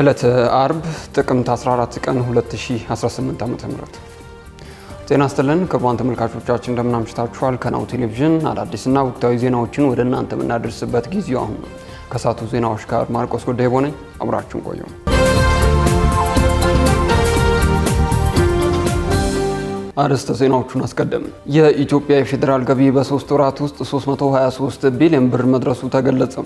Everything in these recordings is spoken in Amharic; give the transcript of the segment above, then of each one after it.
ዕለተ አርብ ጥቅምት 14 ቀን 2018 ዓ.ም። ጤና ይስጥልን ክቡራን ተመልካቾቻችን እንደምን አምሽታችኋል። ከናሁ ቴሌቪዥን አዳዲስና ወቅታዊ ዜናዎችን ወደ እናንተ የምናደርስበት ጊዜው አሁን ነው። ከሳቱ ዜናዎች ጋር ማርቆስ ጉዳይ ሆነኝ፣ አብራችሁን ቆዩ። አርዕስተ ዜናዎቹን አስቀደምን። የኢትዮጵያ የፌዴራል ገቢ በሶስት ወራት ውስጥ 323 ቢሊዮን ብር መድረሱ ተገለጸ።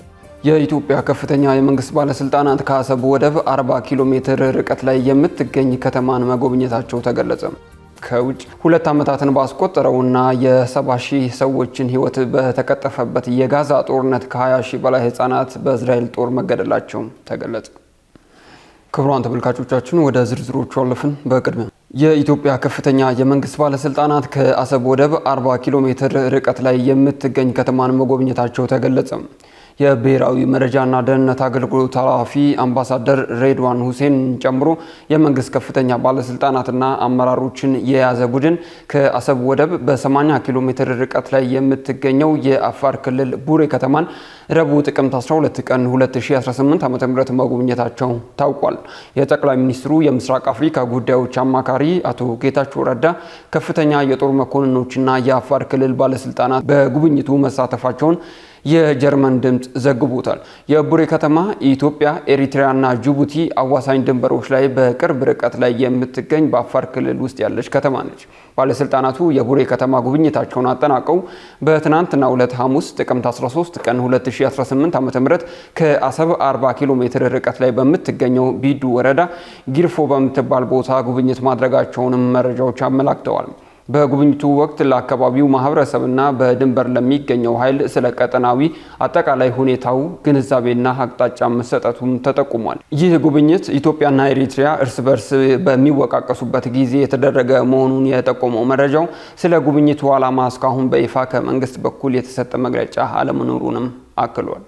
የኢትዮጵያ ከፍተኛ የመንግስት ባለስልጣናት ከአሰብ ወደብ 40 ኪሎ ሜትር ርቀት ላይ የምትገኝ ከተማን መጎብኘታቸው ተገለጸ። ከውጭ ሁለት ዓመታትን ባስቆጠረውና የ70 ሺህ ሰዎችን ህይወት በተቀጠፈበት የጋዛ ጦርነት ከ20 ሺህ በላይ ህጻናት በእስራኤል ጦር መገደላቸው ተገለጸ። ክቡራን ተመልካቾቻችን ወደ ዝርዝሮቹ አለፍን። በቅድሚያ የኢትዮጵያ ከፍተኛ የመንግስት ባለስልጣናት ከአሰብ ወደብ 40 ኪሎ ሜትር ርቀት ላይ የምትገኝ ከተማን መጎብኘታቸው ተገለጸ። የብሔራዊ መረጃና ደህንነት አገልግሎት ኃላፊ አምባሳደር ሬድዋን ሁሴን ጨምሮ የመንግስት ከፍተኛ ባለስልጣናትና አመራሮችን የያዘ ቡድን ከአሰብ ወደብ በ80 ኪሎ ሜትር ርቀት ላይ የምትገኘው የአፋር ክልል ቡሬ ከተማን ረቡዕ ጥቅምት 12 ቀን 2018 ዓ ም መጎብኘታቸው ታውቋል። የጠቅላይ ሚኒስትሩ የምስራቅ አፍሪካ ጉዳዮች አማካሪ አቶ ጌታቸው ረዳ ከፍተኛ የጦር መኮንኖችና የአፋር ክልል ባለስልጣናት በጉብኝቱ መሳተፋቸውን የጀርመን ድምፅ ዘግቦታል። የቡሬ ከተማ ኢትዮጵያ፣ ኤሪትሪያና ጅቡቲ አዋሳኝ ድንበሮች ላይ በቅርብ ርቀት ላይ የምትገኝ በአፋር ክልል ውስጥ ያለች ከተማ ነች። ባለስልጣናቱ የቡሬ ከተማ ጉብኝታቸውን አጠናቀው በትናንትና ሁለት ሐሙስ ጥቅምት 13 ቀን 2018 ዓ.ም ከአሰብ 40 ኪሎ ሜትር ርቀት ላይ በምትገኘው ቢዱ ወረዳ ጊርፎ በምትባል ቦታ ጉብኝት ማድረጋቸውንም መረጃዎች አመላክተዋል። በጉብኝቱ ወቅት ለአካባቢው ማህበረሰብና በድንበር ለሚገኘው ኃይል ስለ ቀጠናዊ አጠቃላይ ሁኔታው ግንዛቤና አቅጣጫ መሰጠቱም ተጠቁሟል። ይህ ጉብኝት ኢትዮጵያና ኤሪትሪያ እርስ በርስ በሚወቃቀሱበት ጊዜ የተደረገ መሆኑን የጠቆመው መረጃው ስለ ጉብኝቱ ዓላማ እስካሁን በይፋ ከመንግስት በኩል የተሰጠ መግለጫ አለመኖሩንም አክሏል።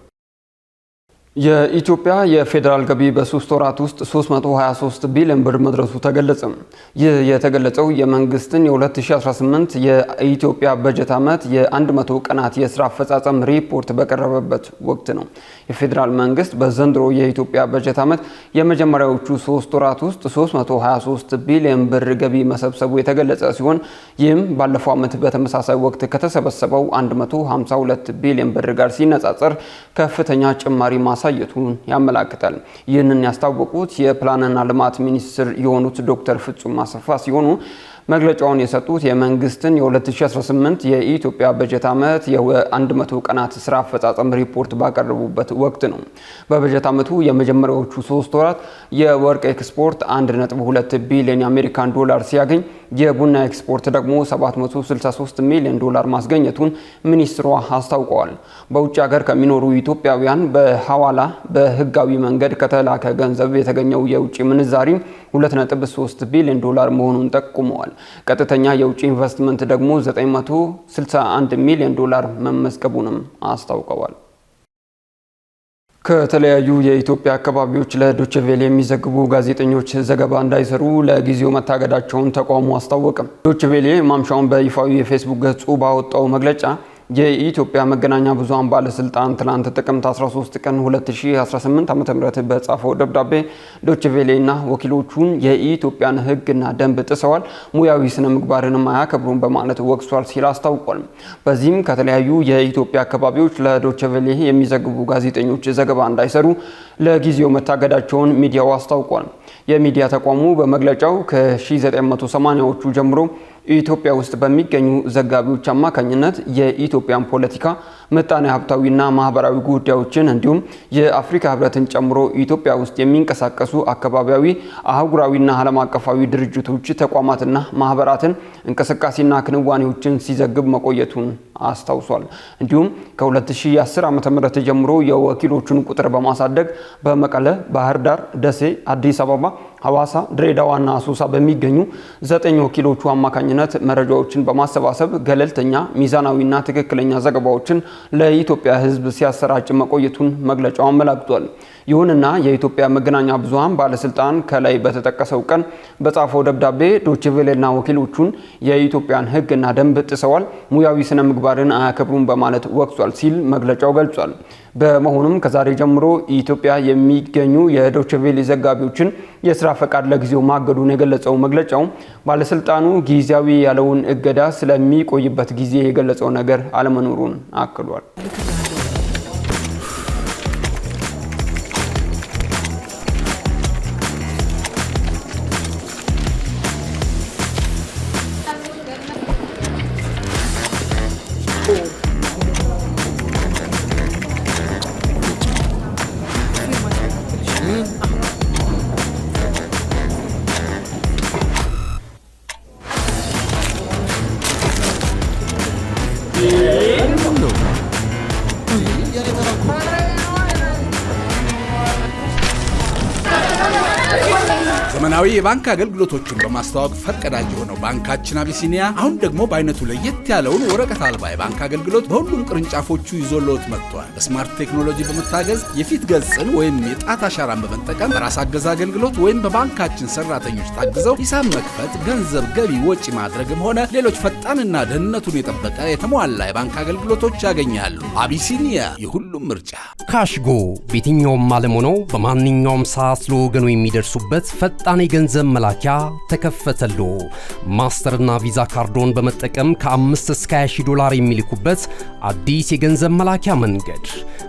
የኢትዮጵያ የፌዴራል ገቢ በሶስት ወራት ውስጥ 323 ቢሊዮን ብር መድረሱ ተገለጸ። ይህ የተገለጸው የመንግስትን የ2018 የኢትዮጵያ በጀት ዓመት የ100 ቀናት የስራ አፈጻጸም ሪፖርት በቀረበበት ወቅት ነው። የፌዴራል መንግስት በዘንድሮ የኢትዮጵያ በጀት ዓመት የመጀመሪያዎቹ ሶስት ወራት ውስጥ 323 ቢሊዮን ብር ገቢ መሰብሰቡ የተገለጸ ሲሆን ይህም ባለፈው ዓመት በተመሳሳይ ወቅት ከተሰበሰበው 152 ቢሊዮን ብር ጋር ሲነጻጸር ከፍተኛ ጭማሪ ማሳ ማሳየቱን ያመላክታል። ይህንን ያስታወቁት የፕላንና ልማት ሚኒስትር የሆኑት ዶክተር ፍጹም አሰፋ ሲሆኑ መግለጫውን የሰጡት የመንግስትን የ2018 የኢትዮጵያ በጀት ዓመት የ100 ቀናት ስራ አፈጻጸም ሪፖርት ባቀረቡበት ወቅት ነው። በበጀት ዓመቱ የመጀመሪያዎቹ ሶስት ወራት የወርቅ ኤክስፖርት 1.2 ቢሊዮን የአሜሪካን ዶላር ሲያገኝ የቡና ኤክስፖርት ደግሞ 763 ሚሊዮን ዶላር ማስገኘቱን ሚኒስትሯ አስታውቀዋል። በውጭ ሀገር ከሚኖሩ ኢትዮጵያውያን በሐዋላ በህጋዊ መንገድ ከተላከ ገንዘብ የተገኘው የውጭ ምንዛሪ 2.3 ቢሊዮን ዶላር መሆኑን ጠቁመዋል። ቀጥተኛ የውጭ ኢንቨስትመንት ደግሞ 961 ሚሊዮን ዶላር መመዝገቡንም አስታውቀዋል። ከተለያዩ የኢትዮጵያ አካባቢዎች ለዶቼ ቬለ የሚዘግቡ ጋዜጠኞች ዘገባ እንዳይሰሩ ለጊዜው መታገዳቸውን ተቋሙ አስታወቀም። ዶቼ ቬለ ማምሻውን በይፋዊ የፌስቡክ ገጹ ባወጣው መግለጫ የኢትዮጵያ መገናኛ ብዙሃን ባለስልጣን ትላንት ጥቅምት 13 ቀን 2018 ዓ.ም በጻፈው ደብዳቤ ዶችቬሌና ወኪሎቹን የኢትዮጵያን ሕግና ደንብ ጥሰዋል፣ ሙያዊ ስነ ምግባርንም አያከብሩም በማለት ወቅሷል ሲል አስታውቋል። በዚህም ከተለያዩ የኢትዮጵያ አካባቢዎች ለዶችቬሌ የሚዘግቡ ጋዜጠኞች ዘገባ እንዳይሰሩ ለጊዜው መታገዳቸውን ሚዲያው አስታውቋል። የሚዲያ ተቋሙ በመግለጫው ከ1980ዎቹ ጀምሮ ኢትዮጵያ ውስጥ በሚገኙ ዘጋቢዎች አማካኝነት የኢትዮጵያን ፖለቲካ ምጣኔ ሀብታዊና ማህበራዊ ጉዳዮችን እንዲሁም የአፍሪካ ህብረትን ጨምሮ ኢትዮጵያ ውስጥ የሚንቀሳቀሱ አካባቢያዊ፣ አህጉራዊና ዓለም አቀፋዊ ድርጅቶች ተቋማትና ማህበራትን እንቅስቃሴና ክንዋኔዎችን ሲዘግብ መቆየቱን አስታውሷል። እንዲሁም ከ2010 ዓ ም ጀምሮ የወኪሎቹን ቁጥር በማሳደግ በመቀለ፣ ባህር ዳር፣ ደሴ፣ አዲስ አበባ ሐዋሳ፣ ድሬዳዋና አሶሳ በሚገኙ ዘጠኝ ወኪሎቹ አማካኝነት መረጃዎችን በማሰባሰብ ገለልተኛ ሚዛናዊና ትክክለኛ ዘገባዎችን ለኢትዮጵያ ሕዝብ ሲያሰራጭ መቆየቱን መግለጫው አመላክቷል። ይሁንና የኢትዮጵያ መገናኛ ብዙሃን ባለስልጣን ከላይ በተጠቀሰው ቀን በጻፈው ደብዳቤ ዶችቬሌና ወኪሎቹን የኢትዮጵያን ህግና ደንብ ጥሰዋል፣ ሙያዊ ስነ ምግባርን አያከብሩም በማለት ወቅሷል ሲል መግለጫው ገልጿል። በመሆኑም ከዛሬ ጀምሮ ኢትዮጵያ የሚገኙ የዶችቬሌ ዘጋቢዎችን የስራ ፈቃድ ለጊዜው ማገዱን የገለጸው መግለጫው ባለስልጣኑ ጊዜያዊ ያለውን እገዳ ስለሚቆይበት ጊዜ የገለጸው ነገር አለመኖሩን አክሏል። የባንክ አገልግሎቶችን በማስተዋወቅ ፈርቀዳጅ የሆነው ባንካችን አቢሲኒያ አሁን ደግሞ በአይነቱ ለየት ያለውን ወረቀት አልባ የባንክ አገልግሎት በሁሉም ቅርንጫፎቹ ይዞልዎት መጥቷል። በስማርት ቴክኖሎጂ በመታገዝ የፊት ገጽን ወይም የጣት አሻራን በመጠቀም በራስ አገዝ አገልግሎት ወይም በባንካችን ሰራተኞች ታግዘው ሂሳብ መክፈት፣ ገንዘብ ገቢ ወጪ ማድረግም ሆነ ሌሎች ፈጣንና ደህንነቱን የጠበቀ የተሟላ የባንክ አገልግሎቶች ያገኛሉ። አቢሲኒያ የሁሉም ምርጫ። ካሽጎ ቤትኛውም አለም ሆነው በማንኛውም ሰዓት ለወገኑ የሚደርሱበት ፈጣን የገንዘብ የገንዘብ መላኪያ ተከፈተሉ። ማስተርና ቪዛ ካርዶን በመጠቀም ከ5 እስከ 20 ዶላር የሚልኩበት አዲስ የገንዘብ መላኪያ መንገድ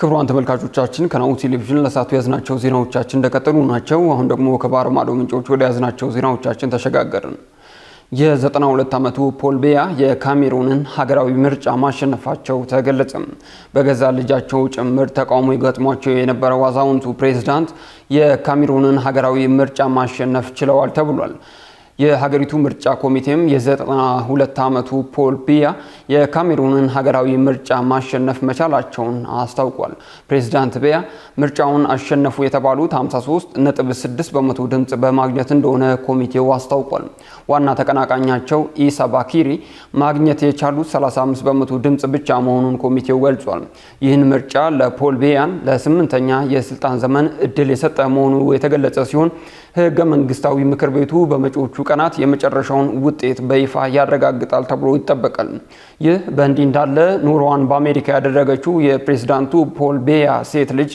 ክቡራን ተመልካቾቻችን ከናሁ ቴሌቪዥን ለሳቱ ያዝናቸው ዜናዎቻችን እንደቀጠሉ ናቸው። አሁን ደግሞ ከባህር ማዶ ምንጮች ወደ ያዝናቸው ዜናዎቻችን ተሸጋገርን። የ92 ዓመቱ ፖል ቤያ የካሜሩንን ሀገራዊ ምርጫ ማሸነፋቸው ተገለጸም። በገዛ ልጃቸው ጭምር ተቃውሞ ይገጥሟቸው የነበረው አዛውንቱ ፕሬዝዳንት የካሜሩንን ሀገራዊ ምርጫ ማሸነፍ ችለዋል ተብሏል። የሀገሪቱ ምርጫ ኮሚቴም የ92 ዓመቱ ፖል ቢያ የካሜሩንን ሀገራዊ ምርጫ ማሸነፍ መቻላቸውን አስታውቋል። ፕሬዚዳንት ቢያ ምርጫውን አሸነፉ የተባሉት 53.6 በመቶ ድምፅ በማግኘት እንደሆነ ኮሚቴው አስታውቋል። ዋና ተቀናቃኛቸው ኢሳ ባኪሪ ማግኘት የቻሉት 35 በመቶ ድምፅ ብቻ መሆኑን ኮሚቴው ገልጿል። ይህን ምርጫ ለፖል ቢያን ለስምንተኛ የስልጣን ዘመን እድል የሰጠ መሆኑ የተገለጸ ሲሆን ህገ መንግስታዊ ምክር ቤቱ በመጪዎቹ ቀናት የመጨረሻውን ውጤት በይፋ ያረጋግጣል ተብሎ ይጠበቃል። ይህ በእንዲህ እንዳለ ኑሮዋን በአሜሪካ ያደረገችው የፕሬዝዳንቱ ፖል ቤያ ሴት ልጅ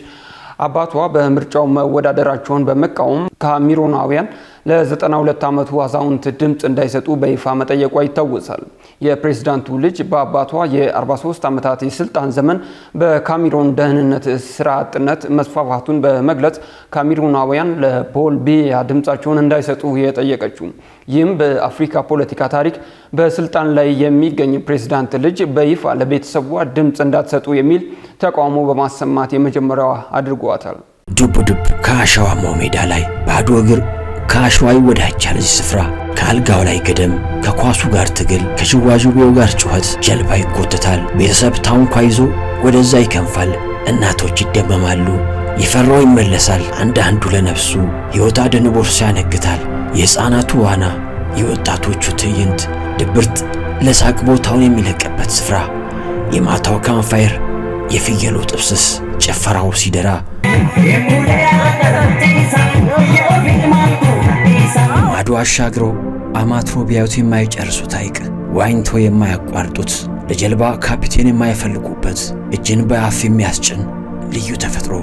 አባቷ በምርጫው መወዳደራቸውን በመቃወም ካሜሩናውያን ለ92 ዓመቱ አዛውንት ድምፅ እንዳይሰጡ በይፋ መጠየቋ ይታወሳል። የፕሬዝዳንቱ ልጅ በአባቷ የ43 ዓመታት የስልጣን ዘመን በካሜሮን ደህንነት ስራ አጥነት መስፋፋቱን በመግለጽ ካሜሩናውያን ለፖል ቤያ ድምፃቸውን እንዳይሰጡ የጠየቀችው ይህም በአፍሪካ ፖለቲካ ታሪክ በስልጣን ላይ የሚገኝ ፕሬዝዳንት ልጅ በይፋ ለቤተሰቧ ድምፅ እንዳትሰጡ የሚል ተቃውሞ በማሰማት የመጀመሪያዋ አድርጓታል። ዱብ ዱብ ከአሸዋማው ሜዳ ላይ ባዶ እግር ከአሸዋ ይወዳጃል እዚህ ስፍራ ከአልጋው ላይ ግድም፣ ከኳሱ ጋር ትግል፣ ከሽዋዥቤው ጋር ጩኸት፣ ጀልባ ይጎተታል። ቤተሰብ ታንኳ ይዞ ወደዛ ይከንፋል። እናቶች ይደመማሉ። የፈራው ይመለሳል። አንዳንዱ ለነፍሱ ሕይወት አድን ቦርሳ ያነግታል። የሕፃናቱ ዋና፣ የወጣቶቹ ትዕይንት፣ ድብርት ለሳቅ ቦታውን የሚለቅበት ስፍራ፣ የማታው ካምፋየር፣ የፍየሉ ጥብስስ፣ ጭፈራው ሲደራ ማዶ አሻግረው አማትሮ ቢያዩት የማይጨርሱት ሐይቅ፣ ዋኝቶ የማያቋርጡት፣ ለጀልባ ካፒቴን የማይፈልጉበት፣ እጅን በአፍ የሚያስጭን ልዩ ተፈጥሮ።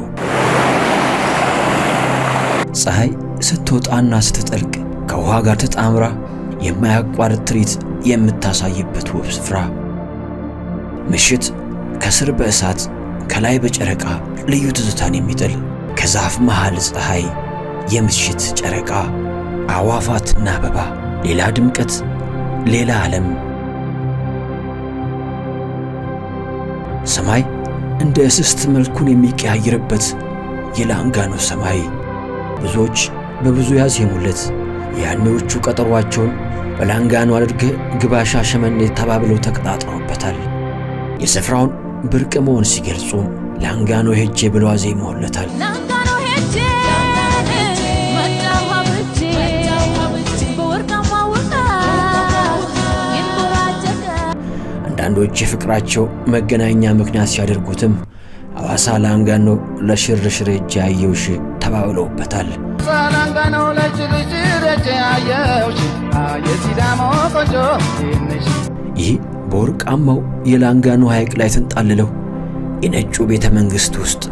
ፀሐይ ስትወጣና ስትጠልቅ ከውሃ ጋር ተጣምራ የማያቋርጥ ትርኢት የምታሳይበት ውብ ስፍራ። ምሽት ከስር በእሳት ከላይ በጨረቃ ልዩ ትዝታን የሚጥል ከዛፍ መሃል ፀሐይ የምሽት ጨረቃ አዋፋትና አበባ፣ ሌላ ድምቀት፣ ሌላ ዓለም። ሰማይ እንደ እስስት መልኩን የሚቀያየርበት የላንጋኖ ሰማይ ብዙዎች በብዙ ያዜሙለት። ያኔዎቹ ቀጠሯቸውን በላንጋኖ አድርገ ግባሻ ሸመኔ ተባብለው ተቀጣጥረውበታል። የስፍራውን ብርቅ መሆን ሲገልጹ ላንጋኖ ሄጄ ብለው አዜመውለታል። ላንጋኖ ሄጄ አንዳንዶች የፍቅራቸው መገናኛ ምክንያት ሲያደርጉትም አዋሳ ላንጋኖ ለሽርሽር እጅ አየውሽ ተባብለውበታል። ይህ በወርቃማው የላንጋኖ ሐይቅ ላይ ተንጣልለው የነጩ ቤተ መንግሥት ውስጥ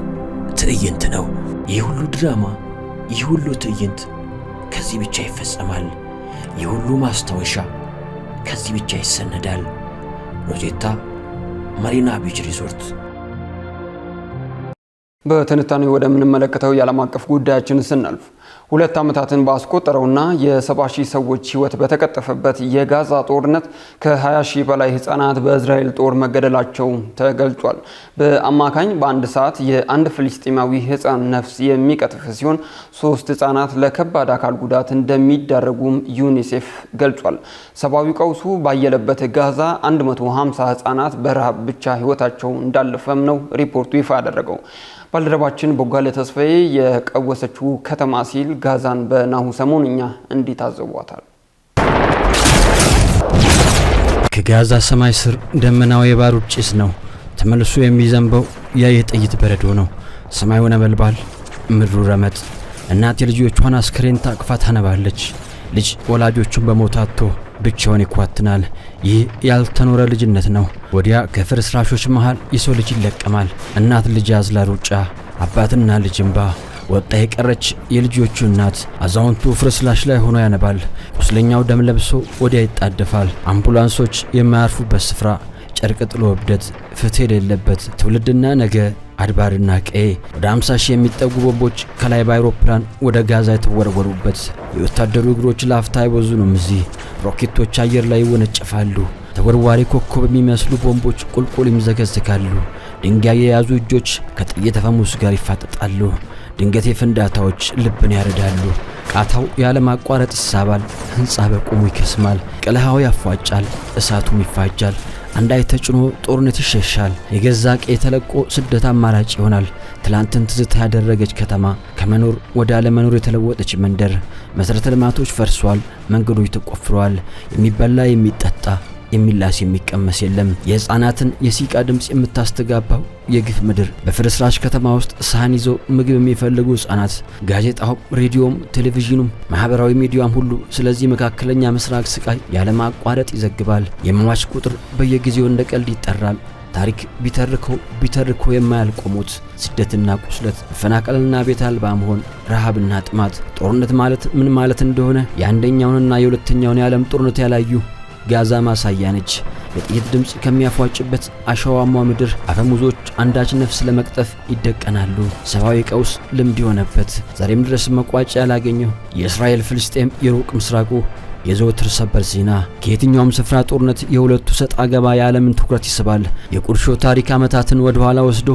ትዕይንት ነው። ይህ ሁሉ ድራማ፣ ይህ ሁሉ ትዕይንት ከዚህ ብቻ ይፈጸማል። ይህ ሁሉ ማስታወሻ ከዚህ ብቻ ይሰነዳል። ሎዜታ መሪና ቢች ሪዞርት በትንታኔ ወደምንመለከተው የዓለም አቀፍ ጉዳያችን ስናልፍ ሁለት ዓመታትን ባስቆጠረውና የሰባ ሺህ ሰዎች ሕይወት በተቀጠፈበት የጋዛ ጦርነት ከ20 ሺህ በላይ ህጻናት በእስራኤል ጦር መገደላቸው ተገልጿል። በአማካኝ በአንድ ሰዓት የአንድ ፍልስጤማዊ ህፃን ነፍስ የሚቀጥፍ ሲሆን ሶስት ህጻናት ለከባድ አካል ጉዳት እንደሚዳረጉም ዩኒሴፍ ገልጿል። ሰብአዊ ቀውሱ ባየለበት ጋዛ 150 ህጻናት በረሃብ ብቻ ሕይወታቸው እንዳለፈም ነው ሪፖርቱ ይፋ ያደረገው። ባልደረባችን ቦጋለ ተስፋዬ የቀወሰችው ከተማ ሲል ጋዛን በናሁ ሰሞንኛ እንዴት አዘቧታል? ከጋዛ ሰማይ ስር ደመናው የባሩድ ጭስ ነው። ተመልሶ የሚዘንበው ያ የጥይት በረዶ ነው። ሰማዩ ነበልባል፣ ምድሩ ረመጥ። እናት የልጆቿን አስክሬን ታቅፋ ታነባለች። ልጅ ወላጆቹን በመውታቶ ብቻውን ይኳትናል። ይህ ያልተኖረ ልጅነት ነው። ወዲያ ከፍርስራሾች መሃል የሰው ልጅ ይለቀማል። እናት ልጅ አዝላ ሩጫ፣ አባትና ልጅ እምባ፣ ወጣ የቀረች የልጆቹ እናት። አዛውንቱ ፍርስራሽ ላይ ሆኖ ያነባል። ቁስለኛው ደም ለብሶ ወዲያ ይጣደፋል። አምቡላንሶች የማያርፉበት ስፍራ ጨርቅ ጥሎ እብደት፣ ፍትህ የሌለበት ትውልድና ነገ፣ አድባርና ቀዬ ወደ 50 ሺህ የሚጠጉ ቦምቦች ከላይ በአይሮፕላን ወደ ጋዛ የተወረወሩበት የወታደሩ እግሮች ላፍታ አይቦዙንም። እዚህ ሮኬቶች አየር ላይ ይወነጨፋሉ። ተወርዋሪ ኮከብ የሚመስሉ ቦምቦች ቁልቁል ይምዘገዝጋሉ። ድንጋይ የያዙ እጆች ከጥይት አፈሙስ ጋር ይፋጠጣሉ። ድንገቴ ፍንዳታዎች ልብን ያረዳሉ። ቃታው ያለማቋረጥ ይሳባል። ሕንፃ በቁሙ ይከስማል። ቅልሃው ያፏጫል፣ እሳቱም ይፋጃል። አንዳይ ተጭኖ ጦርነት ይሸሻል። የገዛ ቀይ የተለቆ ስደት አማራጭ ይሆናል። ትላንትን ትዝታ ያደረገች ከተማ ከመኖር ወደ አለመኖር የተለወጠች መንደር። መሰረተ ልማቶች ፈርሷል፣ መንገዶች ተቆፍረዋል። የሚበላ የሚጠጣ የሚላስ የሚቀመስ የለም። የህፃናትን የሲቃ ድምፅ የምታስተጋባው የግፍ ምድር በፍርስራሽ ከተማ ውስጥ ሳህን ይዘው ምግብ የሚፈልጉ ህጻናት ጋዜጣውም፣ ሬዲዮም፣ ቴሌቪዥኑም ማህበራዊ ሚዲያም ሁሉ ስለዚህ መካከለኛ ምስራቅ ስቃይ ያለማቋረጥ ይዘግባል። የሟች ቁጥር በየጊዜው እንደ ቀልድ ይጠራል። ታሪክ ቢተርከው ቢተርከው የማያልቅ ሞት፣ ስደትና ቁስለት፣ መፈናቀልና ቤት አልባ መሆን፣ ረሃብና ጥማት፣ ጦርነት ማለት ምን ማለት እንደሆነ የአንደኛውንና የሁለተኛውን የዓለም ጦርነት ያላዩ ጋዛ ማሳያ ነች። የጥይት ድምፅ ከሚያፏጭበት አሸዋማ ምድር አፈሙዞች አንዳች ነፍስ ለመቅጠፍ ይደቀናሉ። ሰብአዊ ቀውስ ልምድ የሆነበት ዛሬም ድረስ መቋጫ ያላገኘው የእስራኤል ፍልስጤም የሩቅ ምስራቁ የዘወትር ሰበር ዜና ከየትኛውም ስፍራ ጦርነት የሁለቱ ሰጥ አገባ የዓለምን ትኩረት ይስባል። የቁርሾ ታሪክ ዓመታትን ወደ ኋላ ወስዶ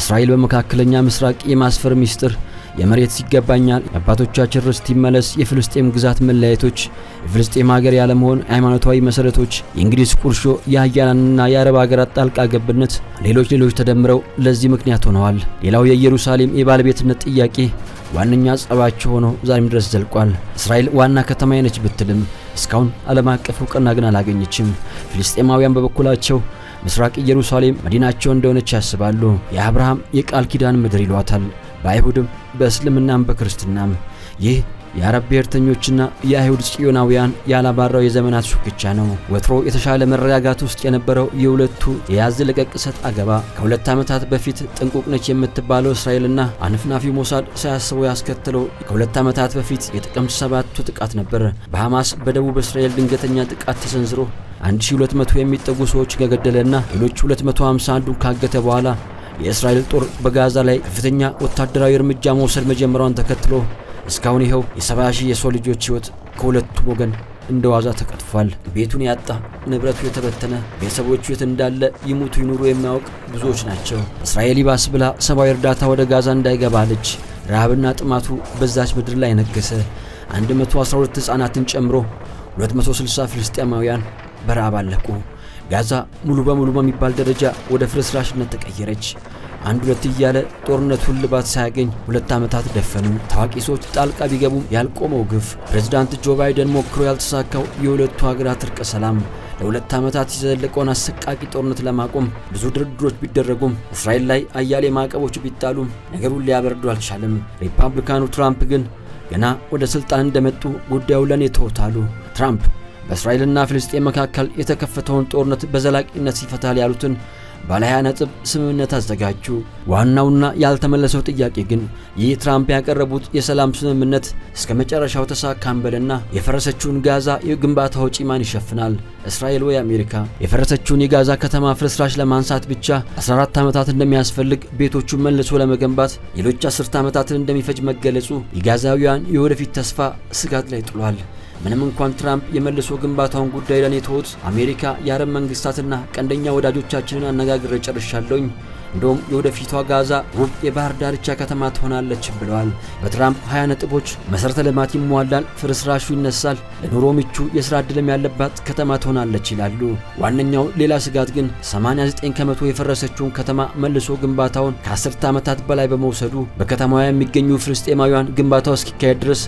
እስራኤል በመካከለኛ ምስራቅ የማስፈር ሚስጥር የመሬት ይገባኛል፣ የአባቶቻችን ርስት ይመለስ፣ የፍልስጤም ግዛት መለያየቶች፣ የፍልስጤም ሀገር ያለመሆን፣ ሃይማኖታዊ መሰረቶች፣ የእንግሊዝ ቁርሾ፣ የሀያላንና የአረብ ሀገራት ጣልቃ ገብነት፣ ሌሎች ሌሎች ተደምረው ለዚህ ምክንያት ሆነዋል። ሌላው የኢየሩሳሌም የባለቤትነት ጥያቄ ዋነኛ ጸባቸው ሆኖ ዛሬም ድረስ ዘልቋል። እስራኤል ዋና ከተማ የነች ብትልም እስካሁን ዓለም አቀፍ እውቅና ግን አላገኘችም። ፍልስጤማውያን በበኩላቸው ምስራቅ ኢየሩሳሌም መዲናቸው እንደሆነች ያስባሉ። የአብርሃም የቃል ኪዳን ምድር ይሏታል። በአይሁድም በእስልምናም በክርስትናም ይህ የአረብ ብሔርተኞችና የአይሁድ ጽዮናውያን ያላባራው የዘመናት ሹክቻ ነው። ወትሮ የተሻለ መረጋጋት ውስጥ የነበረው የሁለቱ የያዝ ልቀቅ እሰጥ አገባ ከሁለት ዓመታት በፊት ጥንቁቅ ነች የምትባለው እስራኤልና አነፍናፊው ሞሳድ ሳያስበው ያስከተለው ከሁለት ዓመታት በፊት የጥቅምት ሰባቱ ጥቃት ነበር። በሐማስ በደቡብ እስራኤል ድንገተኛ ጥቃት ተሰንዝሮ 1200 የሚጠጉ ሰዎች ከገደለና ሌሎች 251ዱን ካገተ በኋላ የእስራኤል ጦር በጋዛ ላይ ከፍተኛ ወታደራዊ እርምጃ መውሰድ መጀመሯን ተከትሎ እስካሁን ይኸው የ70 ሺህ የሰው ልጆች ሕይወት ከሁለቱም ወገን እንደ ዋዛ ተቀጥፏል። ቤቱን ያጣ፣ ንብረቱ የተበተነ፣ ቤተሰቦቹ የት እንዳለ ይሙቱ ይኑሩ የማያውቅ ብዙዎች ናቸው። እስራኤል ይባስ ብላ ሰብአዊ እርዳታ ወደ ጋዛ እንዳይገባ አለች። ረሃብና ጥማቱ በዛች ምድር ላይ ነገሰ። 112 ሕፃናትን ጨምሮ 260 ፍልስጤማውያን በረሃብ አለቁ። ጋዛ ሙሉ በሙሉ በሚባል ደረጃ ወደ ፍርስራሽነት ተቀየረች። አንድ ሁለት እያለ ጦርነት ሁልባት ሳያገኝ ሁለት ዓመታት ደፈኑ። ታዋቂ ሰዎች ጣልቃ ቢገቡም ያልቆመው ግፍ፣ ፕሬዝዳንት ጆ ባይደን ሞክሮ ያልተሳካው የሁለቱ ሀገራት እርቀ ሰላም ለሁለት ዓመታት የዘለቀውን አሰቃቂ ጦርነት ለማቆም ብዙ ድርድሮች ቢደረጉም እስራኤል ላይ አያሌ ማዕቀቦች ቢጣሉም ነገሩን ሊያበርዱ አልቻለም። ሪፐብሊካኑ ትራምፕ ግን ገና ወደ ስልጣን እንደመጡ ጉዳዩ ለእኔ ተውታሉ። ትራምፕ በእስራኤልና ፍልስጤም መካከል የተከፈተውን ጦርነት በዘላቂነት ይፈታል ያሉትን ባለ 20 ነጥብ ስምምነት አዘጋጁ። ዋናውና ያልተመለሰው ጥያቄ ግን ይህ ትራምፕ ያቀረቡት የሰላም ስምምነት እስከ መጨረሻው ተሳካንበልና የፈረሰችውን ጋዛ የግንባታ ወጪ ማን ይሸፍናል? እስራኤል ወይ አሜሪካ? የፈረሰችውን የጋዛ ከተማ ፍርስራሽ ለማንሳት ብቻ 14 ዓመታት እንደሚያስፈልግ፣ ቤቶቹን መልሶ ለመገንባት ሌሎች 10 ዓመታትን እንደሚፈጅ መገለጹ የጋዛውያን የወደፊት ተስፋ ስጋት ላይ ጥሏል። ምንም እንኳን ትራምፕ የመልሶ ግንባታውን ጉዳይ ለኔ ተውት፣ አሜሪካ የአረብ መንግስታትና ቀንደኛ ወዳጆቻችንን አነጋግሬ ጨርሻለሁኝ እንደውም የወደፊቷ ጋዛ ውብ የባህር ዳርቻ ከተማ ትሆናለች ብለዋል። በትራምፕ 20 ነጥቦች መሠረተ ልማት ይሟላል፣ ፍርስራሹ ይነሳል፣ ለኑሮ ምቹ የስራ ዕድልም ያለባት ከተማ ትሆናለች ይላሉ። ዋነኛው ሌላ ስጋት ግን 89 ከመቶ የፈረሰችውን ከተማ መልሶ ግንባታውን ከአስርተ ዓመታት በላይ በመውሰዱ በከተማዋ የሚገኙ ፍልስጤማውያን ግንባታው እስኪካሄድ ድረስ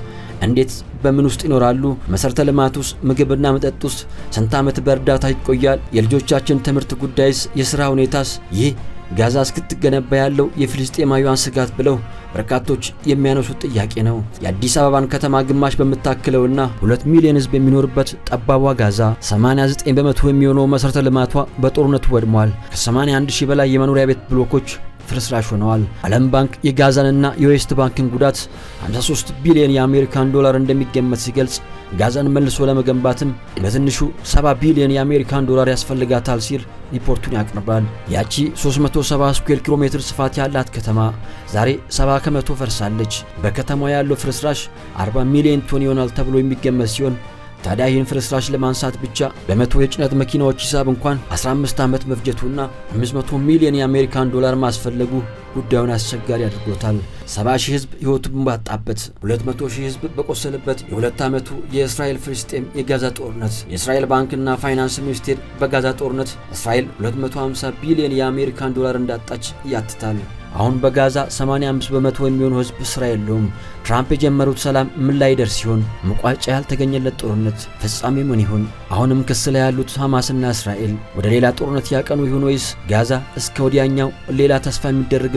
እንዴት በምን ውስጥ ይኖራሉ? መሠረተ ልማት ውስጥ፣ ምግብና መጠጥ ውስጥ ስንት ዓመት በእርዳታ ይቆያል? የልጆቻችን ትምህርት ጉዳይስ? የሥራ ሁኔታስ? ይህ ጋዛ እስክትገነባ ያለው የፍልስጤማውያን ስጋት ብለው በርካቶች የሚያነሱት ጥያቄ ነው። የአዲስ አበባን ከተማ ግማሽ በምታክለውና ሁለት ሚሊዮን ሕዝብ የሚኖርበት ጠባቧ ጋዛ 89 በመቶ የሚሆነው መሠረተ ልማቷ በጦርነቱ ወድሟል። ከ81 ሺህ በላይ የመኖሪያ ቤት ብሎኮች ፍርስራሽ ሆነዋል። ዓለም ባንክ የጋዛንና የዌስት ባንክን ጉዳት 53 ቢሊዮን የአሜሪካን ዶላር እንደሚገመት ሲገልጽ ጋዛን መልሶ ለመገንባትም በትንሹ 70 ቢሊዮን የአሜሪካን ዶላር ያስፈልጋታል ሲል ሪፖርቱን ያቀርባል። ያቺ 370 ስኩዌር ኪሎ ሜትር ስፋት ያላት ከተማ ዛሬ 70 ከመቶ ፈርሳለች። በከተማዋ ያለው ፍርስራሽ 40 ሚሊዮን ቶን ይሆናል ተብሎ የሚገመት ሲሆን ታዲያ ይህን ፍርስራሽ ለማንሳት ብቻ በመቶ የጭነት መኪናዎች ሂሳብ እንኳን 15 ዓመት መፍጀቱና 500 ሚሊዮን የአሜሪካን ዶላር ማስፈለጉ ጉዳዩን አስቸጋሪ አድርጎታል። 70 ሺህ ህዝብ ህይወቱን ባጣበት፣ 200 ሺህ ህዝብ በቆሰለበት የሁለት ዓመቱ የእስራኤል ፍልስጤም የጋዛ ጦርነት የእስራኤል ባንክና ፋይናንስ ሚኒስቴር በጋዛ ጦርነት እስራኤል 250 ቢሊዮን የአሜሪካን ዶላር እንዳጣች ያትታል። አሁን በጋዛ 85 በመቶ የሚሆኑ ህዝብ ስራ የለውም። ትራምፕ የጀመሩት ሰላም ምን ላይ ደርስ ሲሆን መቋጫ ያልተገኘለት ጦርነት ፍጻሜ ምን ይሆን? አሁንም ክስ ላይ ያሉት ሐማስና እስራኤል ወደ ሌላ ጦርነት ያቀኑ ይሁን ወይስ ጋዛ እስከ ወዲያኛው ሌላ ተስፋ የሚደረግ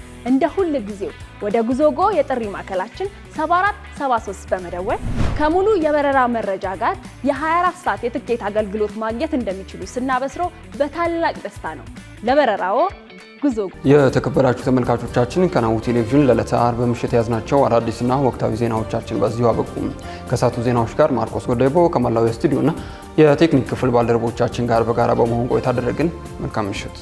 እንደ ሁል ጊዜው ወደ ጉዞጎ የጥሪ ማዕከላችን 7473 በመደወል ከሙሉ የበረራ መረጃ ጋር የ24 ሰዓት የትኬት አገልግሎት ማግኘት እንደሚችሉ ስናበስሮ በታላቅ ደስታ ነው። ለበረራዎ ጉዞጎ። የተከበራችሁ ተመልካቾቻችን ከናሁ ቴሌቪዥን ለዕለተ አርብ ምሽት የያዝናቸው አዳዲስና ወቅታዊ ዜናዎቻችን በዚሁ አበቁ። ከሳቱ ዜናዎች ጋር ማርቆስ ወደቦ ከመላው የስቱዲዮና የቴክኒክ ክፍል ባልደረቦቻችን ጋር በጋራ በመሆን ቆይታ አደረግን። መልካም ምሽት።